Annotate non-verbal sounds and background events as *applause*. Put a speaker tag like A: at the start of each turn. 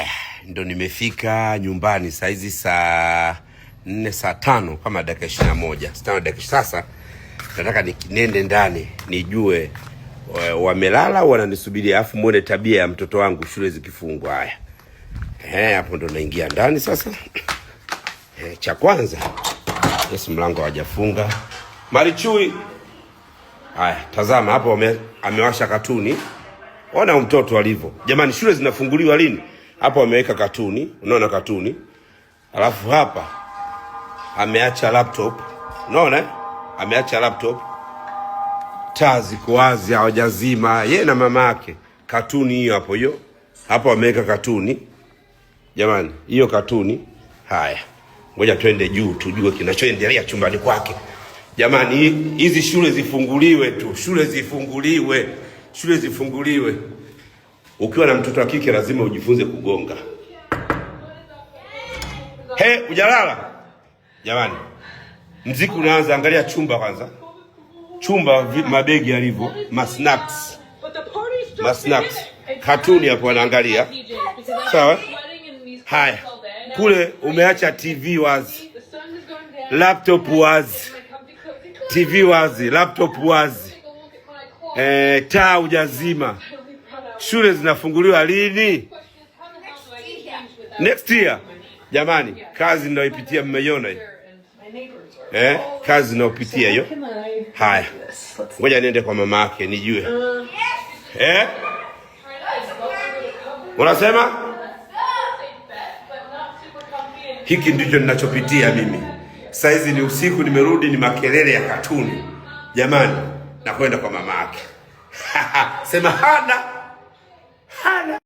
A: Eh, ndo nimefika nyumbani saizi saa nne saa tano kama dakika ishirini na moja sitano dakika. Sasa nataka nikinende ndani nijue eh, wamelala au wananisubiri, alafu muone tabia ya mtoto wangu shule zikifungwa. Haya, eh, hapo ndo naingia ndani sasa. Eh, cha kwanza yes, mlango hawajafunga. Marichui, haya tazama hapo, amewasha katuni. Ona mtoto alivyo jamani, shule zinafunguliwa lini? hapa wameweka katuni, unaona katuni, alafu hapa ameacha laptop, unaona eh? ameacha laptop, taa ziko wazi, hawajazima ye na mama yake. Katuni hiyo hapo, hiyo hapa wameweka katuni. Jamani, hiyo katuni. Haya, ngoja twende juu tujue kinachoendelea chumbani kwake. Jamani, hizi shule zifunguliwe tu, shule zifunguliwe, shule zifunguliwe. Ukiwa na mtoto wa kike lazima ujifunze kugonga. He, ujalala jamani, mziki unaanza. Angalia chumba kwanza, chumba mabegi yalivyo, masnacks masnacks, katuni hapo wanaangalia. Sawa, haya, kule umeacha TV wazi, laptop wazi, TV wazi, laptop wazi, eh, taa hujazima shule zinafunguliwa lini? Next year. Jamani, kazi ninayoipitia mmeiona hiyo eh? Kazi ninayopitia hiyo. Haya, ngoja niende kwa mama yake nijue eh? Unasema hiki ndicho ninachopitia mimi. Saizi ni usiku, nimerudi, ni makelele ya katuni jamani, nakwenda kwa mama yake. *laughs* Sema hana Hala.